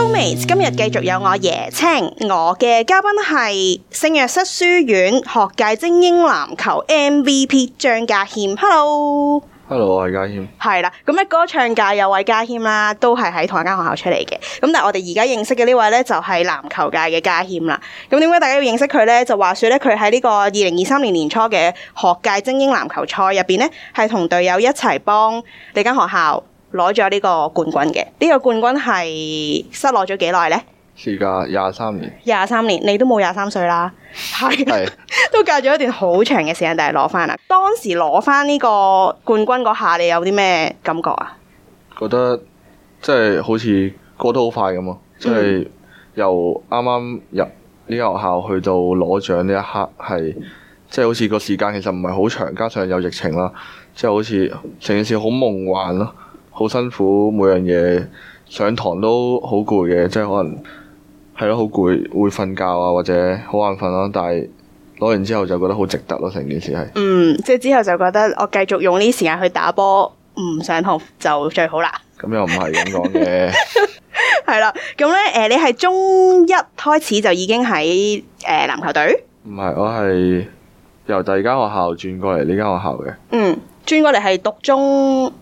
今日繼續有我椰青，我嘅嘉賓係聖若瑟書院學界精英籃球 MVP 張嘉謙。Hello，Hello，Hello，我係嘉謙。係啦，咁喺歌唱界有位嘉謙啦，都係喺同一間學校出嚟嘅。咁但係我哋而家認識嘅呢位咧，就係、是、籃球界嘅嘉謙啦。咁點解大家要認識佢咧？就話說咧，佢喺呢個二零二三年年初嘅學界精英籃球賽入邊咧，係同隊友一齊幫呢間學校。攞咗呢個冠軍嘅，呢、這個冠軍係失落咗幾耐呢？是噶，廿三年。廿三年，你都冇廿三歲啦，係，的都隔咗一段好長嘅時間，但係攞返啦。當時攞返呢個冠軍嗰下，你有啲咩感覺啊、就是？覺得即係好似過得好快咁啊！即、就、係、是、由啱啱入呢間學校去到攞獎呢一刻，係即係好似個時間其實唔係好長，加上有疫情啦，即、就、係、是、好似成件事好夢幻咯。好辛苦，每樣嘢上堂都好攰嘅，即係可能係咯，好攰，會瞓覺啊，或者好眼瞓咯。但係攞完之後就覺得好值得咯，啊，成件事係嗯，即係之後就覺得我繼續用呢時間去打波，唔上堂就最好啦。咁又唔係咁講嘅，係啦。 咁咧，誒、呃，你係中一開始就已經喺誒籃球隊？唔係，我係由第二間學校轉過嚟呢間學校嘅。嗯，轉過嚟係讀中，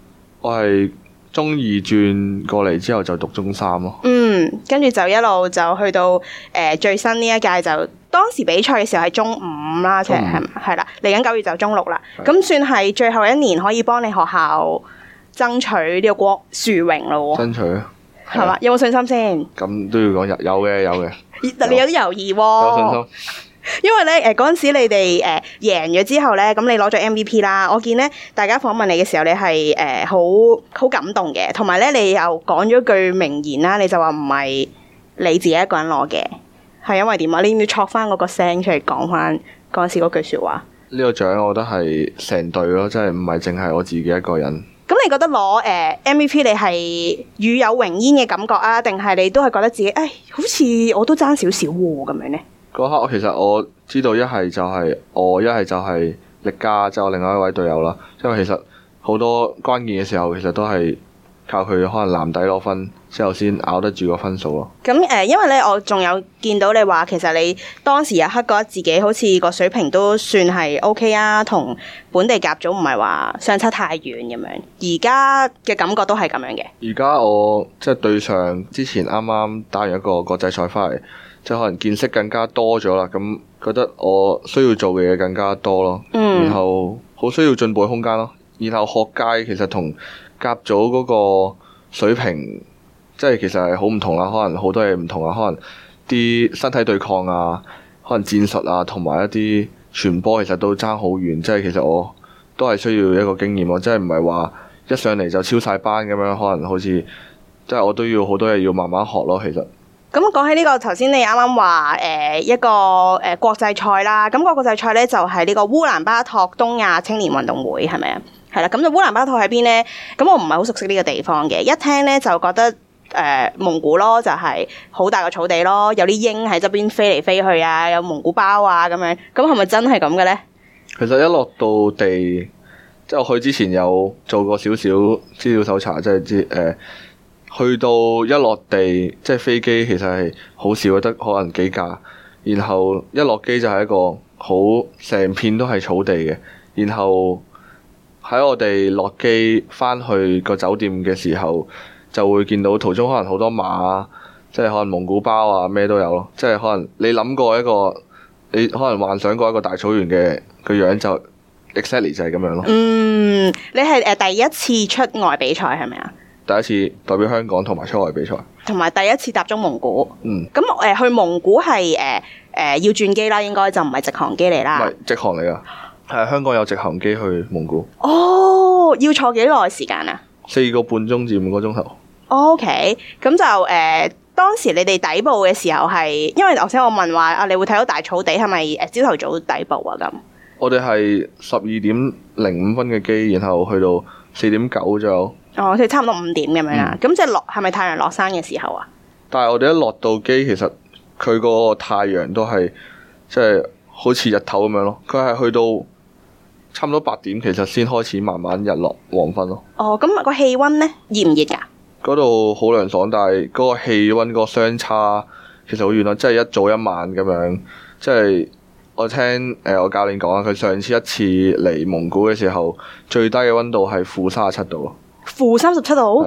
我係。中二轉過嚟之後就讀中三咯，嗯，跟住就一路就去到誒、呃、最新呢一屆，就當時比賽嘅時候係中五啦，即係係啦，嚟緊九月就中六啦，咁的算係最後一年可以幫你學校爭取呢個國樹榮咯。啊、爭取係嘛？有冇信心先？咁、嗯、都要講有，嘅有嘅，有 你有啲猶豫喎、哦。有信心因為咧，誒嗰陣時你哋誒贏咗之後咧，咁你攞咗 MVP 啦。我見咧，大家訪問你嘅時候你，你係誒好好感動嘅，同埋咧你又講咗句名言啦，你就話唔係你自己一個人攞嘅，係因為點啊？你要唔要戳翻嗰個聲出嚟講翻嗰陣時嗰句說話。呢個獎我覺得係成隊咯，即係唔係淨係我自己一個人。咁你覺得攞誒、呃、MVP 你係與有榮焉嘅感覺啊，定係你都係覺得自己誒好似我都爭少少喎咁樣咧？嗰刻其實我知道一係就係我一係就係力家，即係、另外一位隊友啦，因為其實好多關鍵嘅時候其實都係靠佢可能籃底攞分之後先咬得住個分數咯。咁誒、呃，因為咧我仲有見到你話，其實你當時入刻覺得自己好似個水平都算係 O K 啊，同本地甲組唔係話相差太遠咁樣。而家嘅感覺都係咁樣嘅。而家我即係對上之前啱啱打完一個國際賽翻嚟。即係可能見識更加多咗啦，咁覺得我需要做嘅嘢更加多咯，嗯、然後好需要進步嘅空間咯。然後學界其實同甲組嗰個水平，即係其實係好唔同啦。可能好多嘢唔同啊，可能啲身體對抗啊，可能戰術啊，同埋一啲傳波其實都爭好遠。即係其實我都係需要一個經驗咯，即係唔係話一上嚟就超晒班咁樣，可能好似即係我都要好多嘢要慢慢學咯，其實。咁講起呢個，頭先你啱啱話誒一個誒國際賽啦，咁個國際賽咧、嗯、就係、是、呢個烏蘭巴托東亞青年運動會，係咪啊？係啦，咁、嗯、就烏蘭巴托喺邊咧？咁、嗯、我唔係好熟悉呢個地方嘅，一聽咧就覺得誒、呃、蒙古咯，就係、是、好大個草地咯，有啲鷹喺側邊飛嚟飛去啊，有蒙古包啊咁樣，咁係咪真係咁嘅咧？其實一落到地，即係我去之前有做過少少資料搜查，即係知誒。欸去到一落地，即係飛機，其實係好少，得可能幾架。然後一落機就係一個好，成片都係草地嘅。然後喺我哋落機返去個酒店嘅時候，就會見到途中可能好多馬，即係可能蒙古包啊，咩都有咯。即係可能你諗過一個，你可能幻想過一個大草原嘅個樣就 exactly 就係咁樣咯。嗯，你係第一次出外比賽係咪啊？第一次代表香港同埋出外比賽，同埋第一次踏足蒙古。嗯，咁誒、呃、去蒙古係誒誒要轉機啦，應該就唔係直航機嚟啦。唔係直航嚟㗎，係、呃、香港有直航機去蒙古。哦，要坐幾耐時間啊？四個半鐘至五個鐘頭。O K，咁就誒、呃、當時你哋抵步嘅時候係，因為頭先我問話啊，你會睇到大草地係咪誒朝頭早抵步啊？咁我哋係十二點零五分嘅機，然後去到四點九就。哦，嗯、即係差唔多五點咁樣啦，咁即係落係咪太陽落山嘅時候啊？但係我哋一落到機，其實佢個太陽都係即係好似日頭咁樣咯，佢係去到差唔多八點，其實先開始慢慢日落黃昏咯。哦，咁、那個氣温咧熱唔熱噶？嗰度好涼爽，但係嗰個氣温個相差其實好遠咯，即、就、係、是、一早一晚咁樣。即、就、係、是、我聽誒、呃、我教練講啊，佢上次一次嚟蒙古嘅時候，最低嘅温度係負三十七度。負三十七度，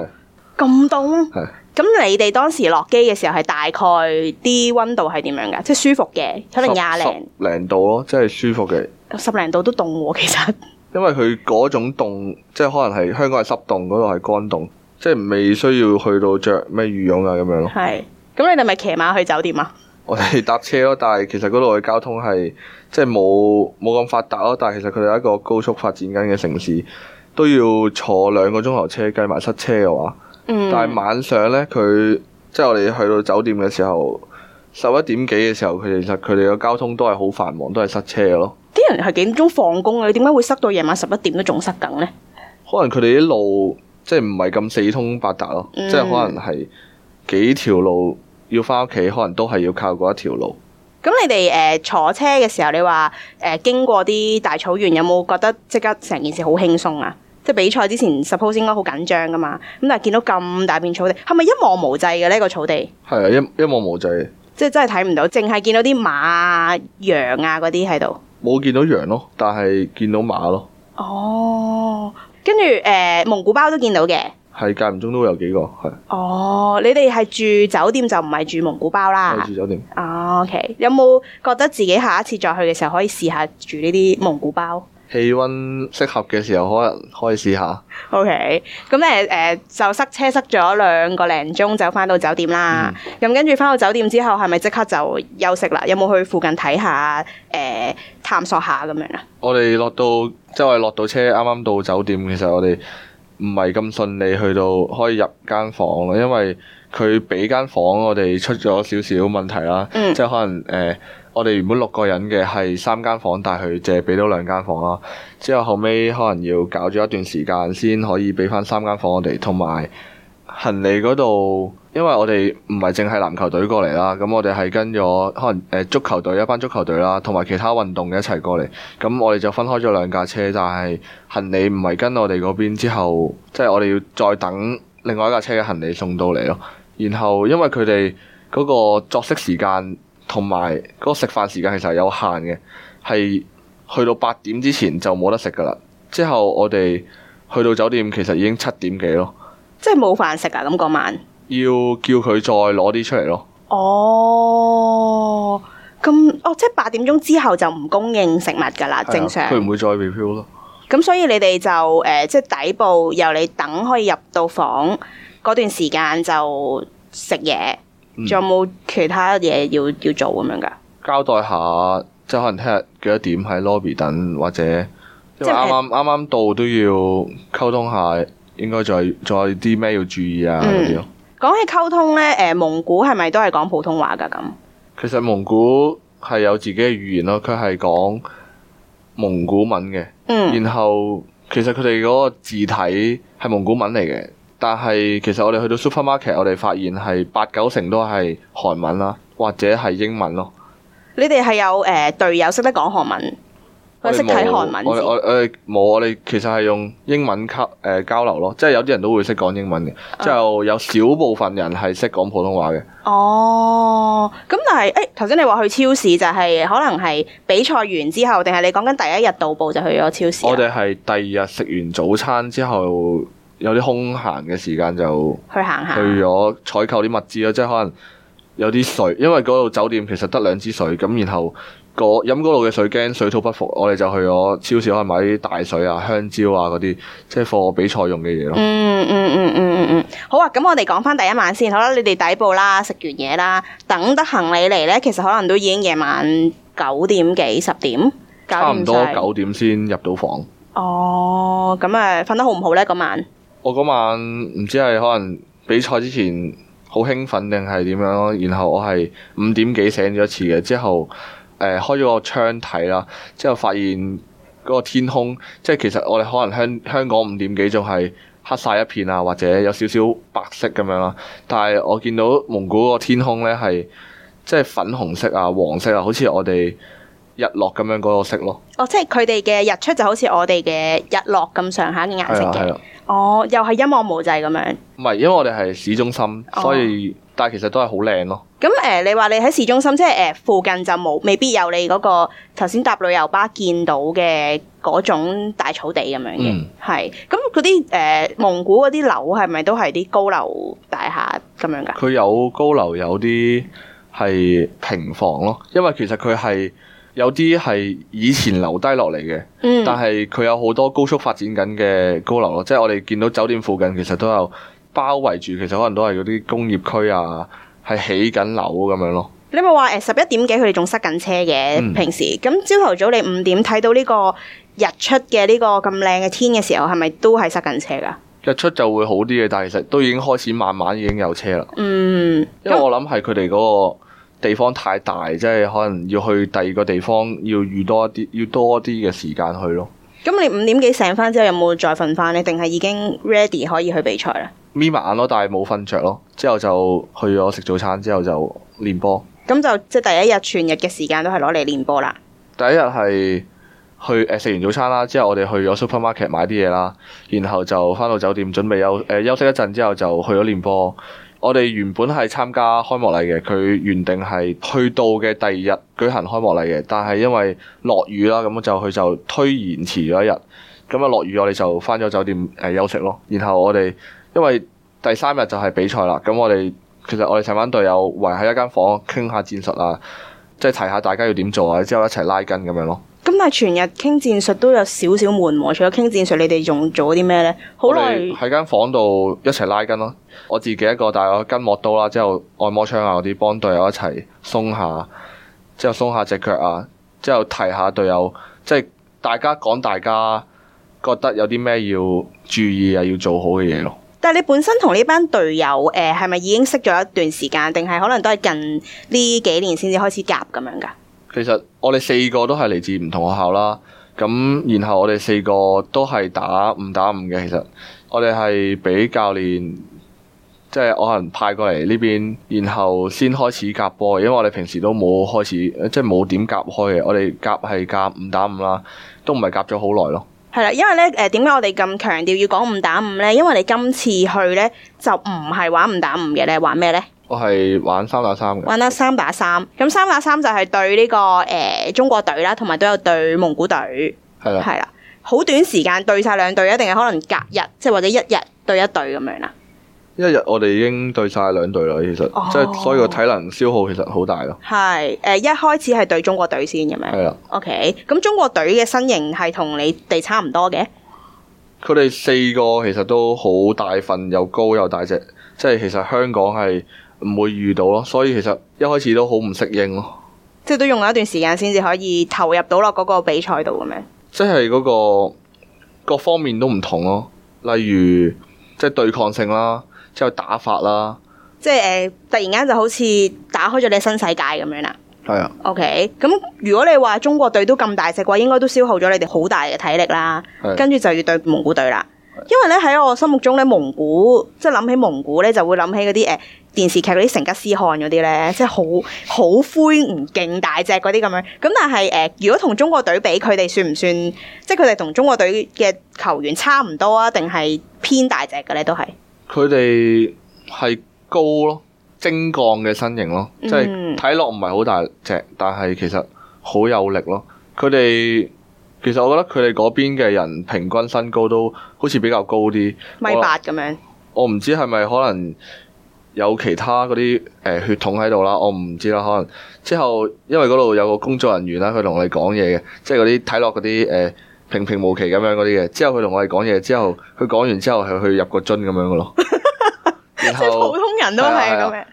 咁凍是。咁是你哋當時落機嘅時候係大概啲溫度係點樣噶？即係舒服嘅，可能廿零零度咯，即係舒服嘅。十零度都凍，啊，其實。因為佢嗰種凍，即係可能係香港係濕凍，嗰度係乾凍，即係未需要去到着咩羽絨啊咁樣咯。係，咁你哋咪騎馬去酒店啊？我哋搭車咯，但係其實嗰度嘅交通係即係冇冇咁發達咯，但係其實佢係一個高速發展緊嘅城市。都要坐兩個鐘頭車，計埋塞車嘅話。嗯、但係晚上呢，佢即係我哋去到酒店嘅時候，十一點幾嘅時候，佢其實佢哋嘅交通都係好繁忙，都係塞車嘅咯。啲人係幾點鐘放工啊？你點解會塞到夜晚十一點都仲塞緊呢？可能佢哋啲路即係唔係咁四通八達咯，嗯、即係可能係幾條路要返屋企，可能都係要靠嗰一條路。咁、嗯、你哋誒、呃、坐車嘅時候，你話誒、呃、經過啲大草原，有冇覺得即刻成件事好輕鬆啊？即係比賽之前 suppose 應該好緊張㗎嘛，咁但係見到咁大片草地，係咪一望無際嘅呢、呢個草地？係啊，一一望無際。即係真係睇唔到，淨係見到啲馬、羊啊嗰啲喺度。冇見到羊咯，但係見到馬咯。哦，跟住誒蒙古包都見到嘅。係間唔中都有幾個係。哦，你哋係住酒店就唔係住蒙古包啦。係住酒店。哦，OK，有冇覺得自己下一次再去嘅時候可以試下住呢啲蒙古包？氣温適合嘅時候，可能可以試下。O K，咁你，誒、呃，就塞車塞咗兩個零鐘，就翻到酒店啦。咁、嗯、跟住翻到酒店之後，係咪即刻就休息啦？有冇去附近睇下？誒、呃，探索下咁樣啊？我哋落到即係我哋落到車，啱啱到酒店，其實我哋唔係咁順利去到可以入間房咯，因為。佢俾間房，我哋出咗少少問題啦，嗯、即係可能誒、呃，我哋原本六個人嘅係三間房，但係佢凈係俾到兩間房啦。之後後尾可能要搞咗一段時間先可以俾翻三間房我哋，同埋行李嗰度，因為我哋唔係淨係籃球隊過嚟啦，咁我哋係跟咗可能誒、呃、足球隊一班足球隊啦，同埋其他運動嘅一齊過嚟，咁我哋就分開咗兩架車，但係行李唔係跟我哋嗰邊之後，即係我哋要再等另外一架車嘅行李送到嚟咯。然後因為佢哋嗰個作息時間同埋嗰個食飯時間其實係有限嘅，係去到八點之前就冇得食噶啦。之後我哋去到酒店其實已經七點幾咯，即係冇飯食啊！咁、那、嗰、個、晚要叫佢再攞啲出嚟咯、哦。哦，咁哦，即係八點鐘之後就唔供應食物噶啦，正常佢唔、啊、會再 review 咯。咁所以你哋就誒、呃，即係底部由你等可以入到房。嗰段時間就食嘢，仲有冇其他嘢要要做咁樣噶、嗯？交代下，即係可能聽日幾多點喺 lobby 等，或者剛剛即啱啱啱啱到都要溝通下，應該再再啲咩要注意啊嗰啲咯。講、嗯、種起溝通咧，誒、呃，蒙古係咪都係講普通話噶咁？其實蒙古係有自己嘅語言咯，佢係講蒙古文嘅，嗯、然後其實佢哋嗰個字體係蒙古文嚟嘅。但係，其實我哋去到 Supermarket，我哋發現係八九成都係韓文啦，或者係英文咯。你哋係有誒隊、呃、友識得講韓文，佢識睇韓文我。我哋冇，我哋其實係用英文溝誒、呃、交流咯。即係有啲人都會識講英文嘅，uh. 即係有少部分人係識講普通話嘅。哦、oh，咁但係誒，頭先你話去超市就係、是、可能係比賽完之後，定係你講緊第一日到步就去咗超市？我哋係第二日食完早餐之後。有啲空閒嘅時間就去行下，去咗採購啲物資咯，即係可能有啲水，因為嗰度酒店其實得兩支水咁，然後嗰飲嗰度嘅水驚水土不服，我哋就去咗超市可能買啲大水啊、香蕉啊嗰啲，即係放比賽用嘅嘢咯。嗯嗯嗯嗯嗯嗯，好啊，咁我哋講翻第一晚先，好啦，你哋抵步啦，食完嘢啦，等得行李嚟呢，其實可能都已經夜晚九點幾十點，點差唔多九點先入到房。哦，咁誒瞓得好唔好呢？嗰晚？我嗰晚唔知係可能比賽之前好興奮定係點樣咯，然後我係五點幾醒咗一次嘅，之後誒、呃、開咗個窗睇啦，之後發現嗰個天空，即係其實我哋可能香香港五點幾仲係黑晒一片啊，或者有少少白色咁樣咯，但係我見到蒙古個天空咧係即係粉紅色啊、黃色啊，好似我哋日落咁樣嗰個色咯。哦，即係佢哋嘅日出就好似我哋嘅日落咁上下嘅顏色嘅。哦，又係一望無際咁樣。唔係，因為我哋係市中心，所以、哦、但係其實都係好靚咯。咁誒、呃，你話你喺市中心，即係誒、呃、附近就冇，未必有你嗰、嗰個頭先搭旅遊巴見到嘅嗰種大草地咁樣嘅。係咁、嗯，嗰啲誒蒙古嗰啲樓係咪都係啲高樓大廈咁樣噶？佢有高樓，有啲係平房咯。因為其實佢係。有啲係以前留低落嚟嘅。嗯、但係佢有好多高速發展緊嘅高樓咯，即係我哋見到酒店附近其實都有包圍住，其實可能都係嗰啲工業區啊，係起緊樓咁樣咯。你咪話誒，十一點幾佢哋仲塞緊車嘅，嗯、平時咁朝頭早你五點睇到呢個日出嘅呢個咁靚嘅天嘅時候，係咪都係塞緊車噶？日出就會好啲嘅，但係其實都已經開始慢慢已經有車啦。嗯，因為我諗係佢哋嗰個。地方太大，即係可能要去第二個地方，要預多一啲，要多啲嘅時間去咯。咁你五點幾醒翻之後有冇再瞓翻呢？定係已經 ready 可以去比賽啦？眯埋眼咯，但係冇瞓着咯。之後就去咗食早餐，之後就練波。咁就即係第一日全日嘅時間都係攞嚟練波啦。第一日係去誒食、呃、完早餐啦，之後我哋去咗 supermarket 買啲嘢啦，然後就翻到酒店準備休誒、呃、休息一陣之後就去咗練波。我哋原本係參加開幕禮嘅，佢原定係去到嘅第二日舉行開幕禮嘅，但係因為落雨啦，咁就佢就推延遲咗一日。咁啊落雨，我哋就返咗酒店誒休息咯。然後我哋因為第三日就係比賽啦，咁我哋其實我哋成班隊友圍喺一間房傾下戰術啊，即係提下大家要點做啊，之後一齊拉筋咁樣咯。咁但係全日傾戰術都有少少悶喎，除咗傾戰術，你哋仲做啲咩呢？好耐喺間房度一齊拉筋咯，我自己一個，帶咗筋膜刀啦，之後按摩槍啊嗰啲，幫隊友一齊鬆下，之後鬆下隻腳啊，之後提下隊友，即係大家講大家覺得有啲咩要注意啊，要做好嘅嘢咯。但係你本身同呢班隊友誒，係、呃、咪已經識咗一段時間，定係可能都係近呢幾年先至開始夾咁樣噶？其實我哋四個都係嚟自唔同學校啦，咁然後我哋四個都係打五打五嘅。其實我哋係俾教練，即係我可能派過嚟呢邊，然後先開始夾波，因為我哋平時都冇開始，即係冇點夾開嘅。我哋夾係夾五打五啦，都唔係夾咗好耐咯。係啦，因為咧誒，點解我哋咁強調要講五打五咧？因為你今次去咧就唔係玩五打五嘅咧，玩咩咧？我係玩三打三嘅。玩得三打三，咁三打三就係對呢、這個誒、呃、中國隊啦，同埋都有對蒙古隊。係啦的，係啦，好短時間對晒兩隊，一定係可能隔日，即係或者一日對一隊咁樣啦。一日我哋已經對晒兩隊啦，其實、oh. 即係所以個體能消耗其實好大咯。係誒，一開始係對中國隊先咁樣。係啦的。OK，咁中國隊嘅身形係同你哋差唔多嘅。佢哋四個其實都好大份，又高又大隻，即係其實香港係。唔會遇到咯，所以其實一開始都好唔適應咯。即係都用咗一段時間先至可以投入到落嗰個比賽度咁樣。即係嗰個各方面都唔同咯，例如即係對抗性啦，之後打法啦。即係誒、呃，突然間就好似打開咗你新世界咁樣啦。係啊。OK，咁如果你話中國隊都咁大隻嘅話，應該都消耗咗你哋好大嘅體力啦。跟住係就要對蒙古隊啦，係因為咧喺我心目中咧蒙古，即係諗起蒙古咧就會諗起嗰啲誒。呃電視劇嗰啲成吉思汗嗰啲咧，即係好好魁梧、勁大隻嗰啲咁樣。咁但係誒，如果同中國隊比，佢哋算唔算？即係佢哋同中國隊嘅球員差唔多啊？定係偏大隻嘅咧？都係佢哋係高咯，精幹嘅身形咯，即係睇落唔係好大隻，但係其實好有力咯。佢哋其實我覺得佢哋嗰邊嘅人平均身高都好似比較高啲，米八咁樣。我唔知係咪可能？有其他嗰啲誒血統喺度啦，我唔知啦，可能之後因為嗰度有個工作人員啦，佢同我哋講嘢嘅，即係嗰啲睇落嗰啲誒平平無奇咁樣嗰啲嘅。之後佢同我哋講嘢之後，佢講完之後係去入個樽咁樣嘅咯。然後 即係普通人都係咁、啊啊、樣。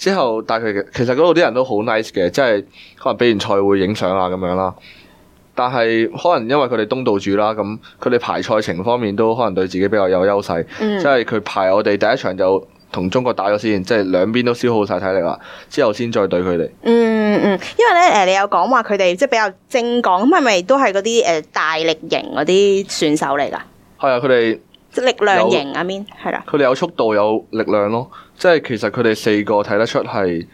之後但係其實嗰度啲人都好 nice 嘅，即係可能比完賽會影相啊咁樣啦。但係可能因為佢哋東道主啦，咁佢哋排賽程方面都可能對自己比較有優勢，即係佢排我哋第一場就。同中國打咗先，即係兩邊都消耗晒體力啦，之後先再對佢哋。嗯嗯，因為呢誒，你有講話佢哋即係比較正港，咁係咪都係嗰啲誒大力型嗰啲選手嚟㗎？係啊，佢哋即力量型啊邊係啦。佢哋有，I mean, 有速度有力量咯，即係其實佢哋四個睇得出係。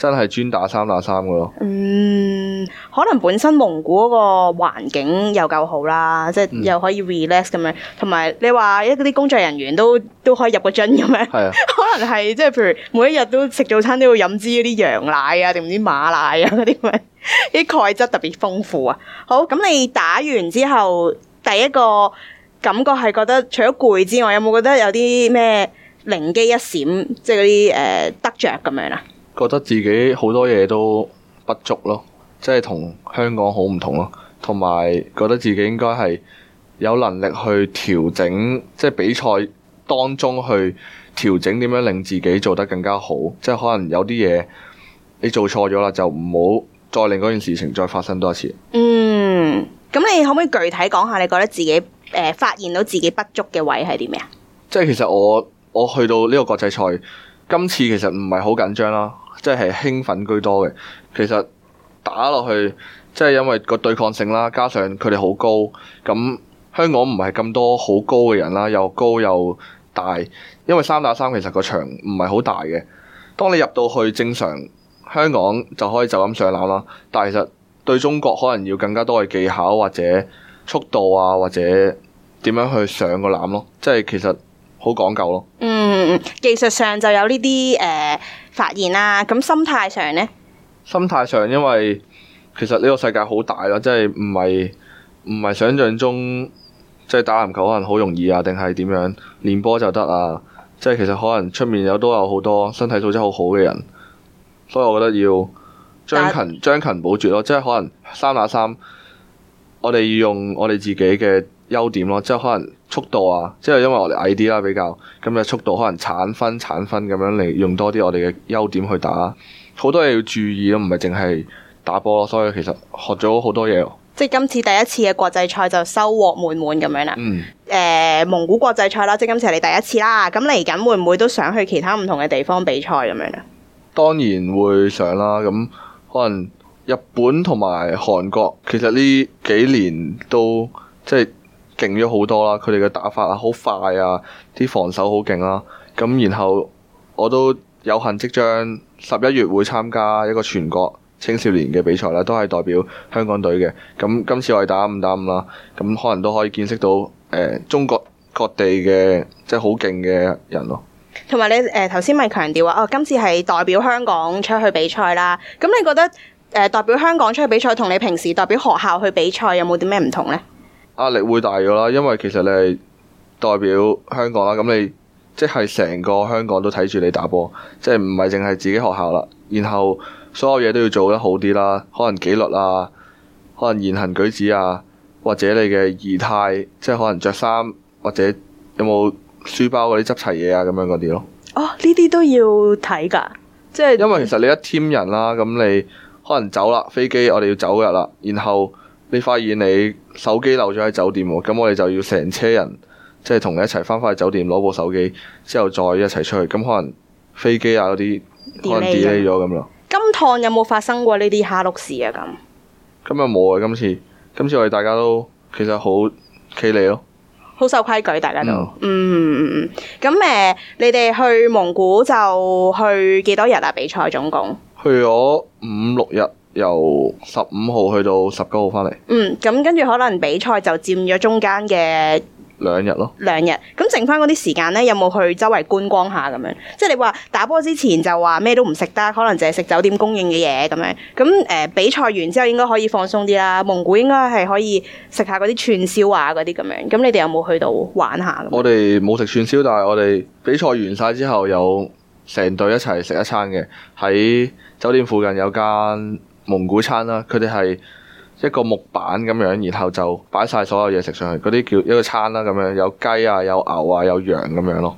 真係專打三打三嘅咯。嗯，可能本身蒙古嗰個環境又夠好啦，即係又可以 relax 咁樣，同埋、嗯、你話一啲工作人員都都可以入個樽咁樣。係啊。可能係即係，譬如，每一日都食早餐都要飲支嗰啲羊奶啊，定唔知馬奶啊嗰啲，啲鈣質特別豐富啊。好，咁你打完之後，第一個感覺係覺得除咗攰之外，有冇覺得有啲咩靈機一閃，即係嗰啲誒得着咁樣啊？覺得自己好多嘢都不足咯，即係同香港好唔同咯，同埋覺得自己應該係有能力去調整，即係比賽當中去調整點樣令自己做得更加好，即係可能有啲嘢你做錯咗啦，就唔好再令嗰件事情再發生多一次。嗯，咁你可唔可以具體講下，你覺得自己誒、呃、發現到自己不足嘅位係啲咩啊？即係其實我我去到呢個國際賽。今次其實唔係好緊張啦，即係興奮居多嘅。其實打落去，即係因為個對抗性啦，加上佢哋好高，咁香港唔係咁多好高嘅人啦，又高又大，因為三打三其實個場唔係好大嘅。當你入到去正常香港就可以就咁上籃啦，但係其實對中國可能要更加多嘅技巧或者速度啊，或者點樣去上個籃咯，即係其實。好講究咯。嗯，技術上就有呢啲誒發現啦啊。咁心態上呢？心態上，因為其實呢個世界好大啦，即係唔係唔係想象中，即係打籃球可能好容易啊，定係點樣練波就得啊？即係其實可能出面有都有好多身體素質好好嘅人，所以我覺得要將勤將勤補拙咯。即係可能三打三，我哋要用我哋自己嘅。優點咯，即係可能速度啊，即係因為我哋矮啲啦，比較咁嘅、嗯、速度，可能鏟分鏟分咁樣嚟用多啲我哋嘅優點去打，好多嘢要注意咯，唔係淨係打波咯，所以其實學咗好多嘢。即係今次第一次嘅國際賽就收穫滿滿咁樣啦。嗯、呃。蒙古國際賽啦，即係今次係你第一次啦。咁嚟緊會唔會都想去其他唔同嘅地方比賽咁樣呢？當然會想啦。咁可能日本同埋韓國，其實呢幾年都即係。勁咗好多啦！佢哋嘅打法啊，好快啊，啲防守好勁啦。咁然後我都有幸即將十一月會參加一個全國青少年嘅比賽啦，都係代表香港隊嘅。咁今次我哋打五打五啦，咁可能都可以見識到誒、呃、中國各地嘅即係好勁嘅人咯。同埋你誒頭先咪強調話哦，今次係代表香港出去比賽啦。咁你覺得誒、呃、代表香港出去比賽同你平時代表學校去比賽有冇啲咩唔同呢？壓力會大嘅啦，因為其實你係代表香港啦，咁你即係成個香港都睇住你打波，即係唔係淨係自己學校啦。然後所有嘢都要做得好啲啦，可能紀律啦、啊，可能言行舉止啊，或者你嘅儀態，即、就、係、是、可能着衫或者有冇書包嗰啲執齊嘢啊，咁樣嗰啲咯。哦，呢啲都要睇㗎，即、就、係、是、因為其實你一添人啦，咁你可能走啦，飛機我哋要走日啦，然後。你發現你手機漏咗喺酒店喎，咁我哋就要成車人即係同你一齊翻返去酒店攞部手機，之後再一齊出去，咁可能飛機啊嗰啲可能 delay 咗咁咯。今趟有冇發生過呢啲蝦碌事啊？咁今日冇啊！今次今次我哋大家都其實好企理咯，好守規矩，大家都嗯嗯嗯。咁誒、嗯嗯嗯，你哋去蒙古就去幾多日啊？比賽總共去咗五六日。由十五號去到十九號翻嚟。嗯，咁跟住可能比賽就佔咗中間嘅兩日咯。兩日，咁剩翻嗰啲時間呢，有冇去周圍觀光下咁樣？即係你話打波之前就話咩都唔食得，可能淨係食酒店供應嘅嘢咁樣。咁誒、呃，比賽完之後應該可以放鬆啲啦。蒙古應該係可以食下嗰啲串燒啊，嗰啲咁樣。咁你哋有冇去到玩下？我哋冇食串燒，但係我哋比賽完晒之後，有成隊一齊食一餐嘅，喺酒店附近有間蒙古餐啦，佢哋係一個木板咁樣，然後就擺晒所有嘢食上去，嗰啲叫一個餐啦咁樣，有雞啊、有牛啊、有羊咁樣咯。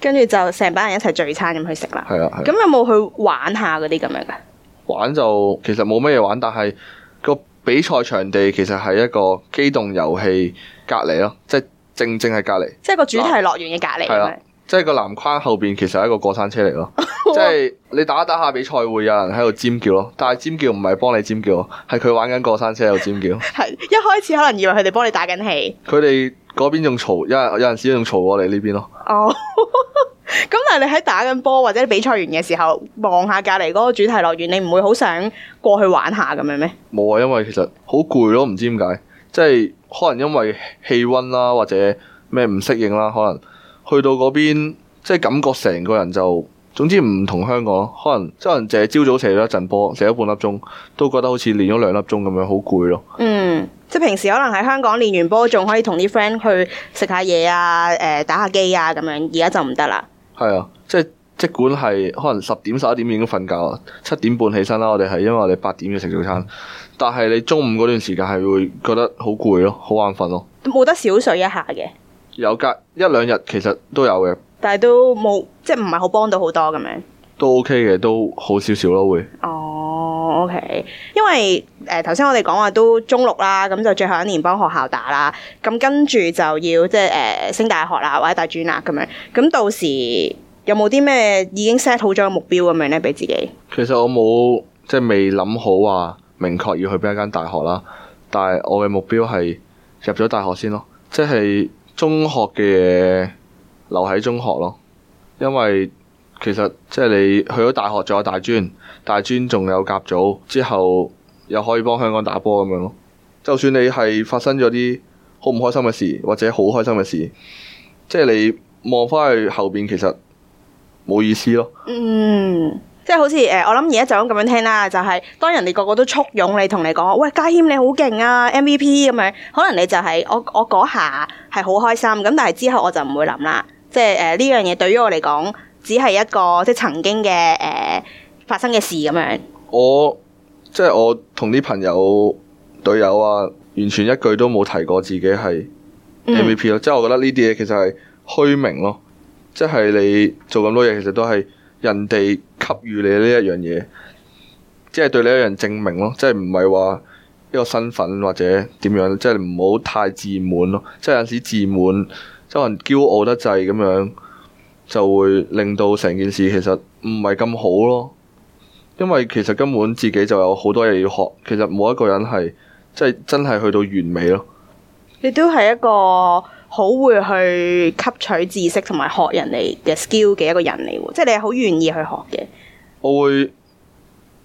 跟住就成班人一齊聚餐咁去食啦。係啊，係啊，咁有冇去玩下嗰啲咁樣噶？玩就其實冇乜嘢玩，但係個比賽場地其實係一個機動遊戲隔籬咯，即係正正係隔籬。即係個主題樂園嘅隔籬。啊即係個籃框後邊其實係一個過山車嚟咯， 即係你打一打一下比賽會有人喺度尖叫咯，但係尖叫唔係幫你尖叫，係佢玩緊過山車喺度尖叫。係 一開始可能以為佢哋幫你打緊氣，佢哋嗰邊仲嘈，有有陣時仲嘈過嚟呢邊咯。哦，咁但係你喺打緊波或者比賽完嘅時候望下隔籬嗰個主題樂園，你唔會好想過去玩下咁樣咩？冇啊，因為其實好攰咯，唔知點解，即係可能因為氣溫啦或者咩唔適應啦，可能。去到嗰邊，即係感覺成個人就總之唔同香港咯。可能即係可能淨係朝早射咗一陣波，射咗半粒鐘，都覺得好似練咗兩粒鐘咁樣，好攰咯。嗯，即係平時可能喺香港練完波仲可以同啲 friend 去食下嘢啊，誒、呃、打下機啊咁樣，而家就唔得啦。係啊，即係即管係可能十點十一點已經瞓覺，七點半起身啦。我哋係因為我哋八點要食早餐，但係你中午嗰段時間係會覺得好攰咯，好眼瞓咯，冇得小睡一下嘅。有隔一兩日，其實都有嘅，但係都冇，即係唔係好幫到好多咁樣。都 OK 嘅，都好少少咯會。哦、oh，OK。因為誒、頭、呃、先我哋講話都中六啦，咁、嗯、就最後一年幫學校打啦，咁、嗯、跟住就要即係誒、呃、升大學啦，或者大專啦咁樣。咁、嗯、到時有冇啲咩已經 set 好咗個目標咁樣咧？俾自己。其實我冇即係未諗好話明確要去邊一間大學啦，但係我嘅目標係入咗大學先咯，即係。中學嘅嘢留喺中學咯，因為其實即係你去咗大學，仲有大專，大專仲有甲組，之後又可以幫香港打波咁樣咯。就算你係發生咗啲好唔開心嘅事，或者好開心嘅事，即係你望返去後邊，其實冇意思咯。嗯。即係好似誒、呃，我諗而家就咁咁樣聽啦，就係、是、當人哋個個都簇擁你，同你講，喂，嘉謙你好勁啊，M V P 咁樣，可能你就係、是、我我嗰下係好開心，咁但係之後我就唔會諗啦，即係誒呢樣嘢對於我嚟講，只係一個即係曾經嘅誒、呃、發生嘅事咁樣。我即係、就是、我同啲朋友隊友啊，完全一句都冇提過自己係 M V P 咯。嗯、即係我覺得呢啲嘢其實係虛名咯，即係你做咁多嘢其實都係。人哋給予你呢一樣嘢，即係對你一樣證明咯，即係唔係話一個身份或者點樣，即係唔好太自滿咯。即係有陣時自滿，即可能驕傲得滯咁樣，就會令到成件事其實唔係咁好咯。因為其實根本自己就有好多嘢要學，其實冇一個人係，即係真係去到完美咯。你都係一個。好會去吸取知識同埋學人哋嘅 skill 嘅一個人嚟，即係你係好願意去學嘅。我會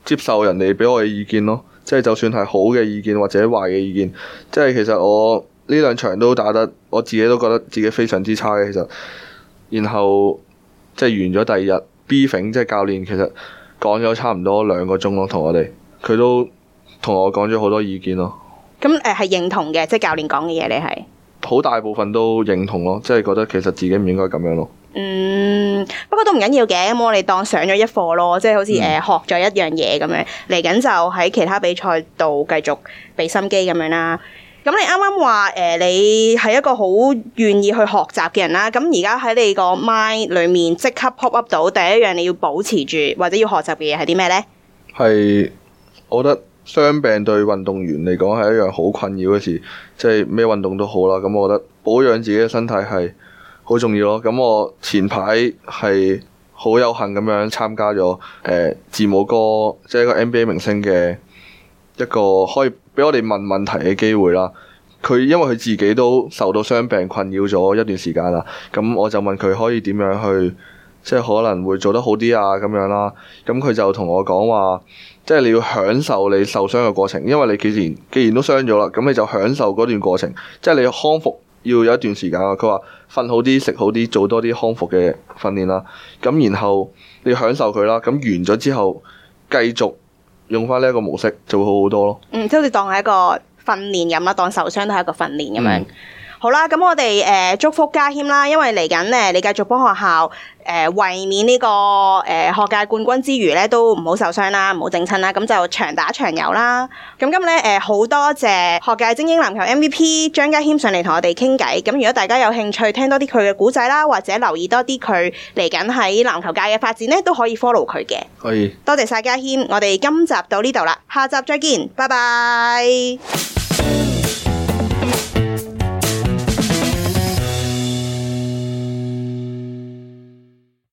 接受人哋俾我嘅意見咯，即係就算係好嘅意見或者壞嘅意見，即係其實我呢兩場都打得，我自己都覺得自己非常之差嘅。其實，然後即係完咗第二日，Bing 即係教練，其實講咗差唔多兩個鐘咯，同我哋，佢都同我講咗好多意見咯。咁誒、嗯，係認同嘅，即係教練講嘅嘢，你係。好大部分都認同咯，即係覺得其實自己唔應該咁樣咯。嗯，不過都唔緊要嘅，咁我哋當上咗一課咯，即係好似誒、嗯呃、學咗一樣嘢咁樣。嚟緊就喺其他比賽度繼續俾心機咁樣啦。咁你啱啱話誒，你係一個好願意去學習嘅人啦。咁而家喺你個 mind 裏面即刻 pop up 到第一樣你要保持住或者要學習嘅嘢係啲咩呢？係，我覺得。傷病對運動員嚟講係一樣好困擾嘅事，即係咩運動都好啦。咁我覺得保養自己嘅身體係好重要咯。咁我前排係好有幸咁樣參加咗誒、呃、字母哥，即係一個 NBA 明星嘅一個可以俾我哋問問題嘅機會啦。佢因為佢自己都受到傷病困擾咗一段時間啦，咁我就問佢可以點樣去，即係可能會做得好啲啊咁樣啦。咁佢就同我講話。即係你要享受你受傷嘅過程，因為你既然既然都傷咗啦，咁你就享受嗰段過程。即係你要康復要有一段時間啊。佢話瞓好啲，食好啲，做多啲康復嘅訓練啦。咁然後你享受佢啦。咁完咗之後，繼續用翻呢一個模式，就會好好多咯。嗯，即係好似當係一個訓練咁啦，當受傷都係一個訓練咁樣。嗯好啦，咁我哋誒、呃、祝福嘉謙啦，因為嚟緊咧，你繼續幫學校誒衛冕呢個誒、呃、學界冠軍之餘咧，都唔好受傷啦，唔好整親啦，咁就長打長有啦。咁、嗯、今日咧誒好多謝學界精英籃球 MVP 張嘉謙上嚟同我哋傾偈。咁如果大家有興趣聽多啲佢嘅故仔啦，或者留意多啲佢嚟緊喺籃球界嘅發展咧，都可以 follow 佢嘅。可以。多謝晒嘉謙，我哋今集到呢度啦，下集再見，拜拜。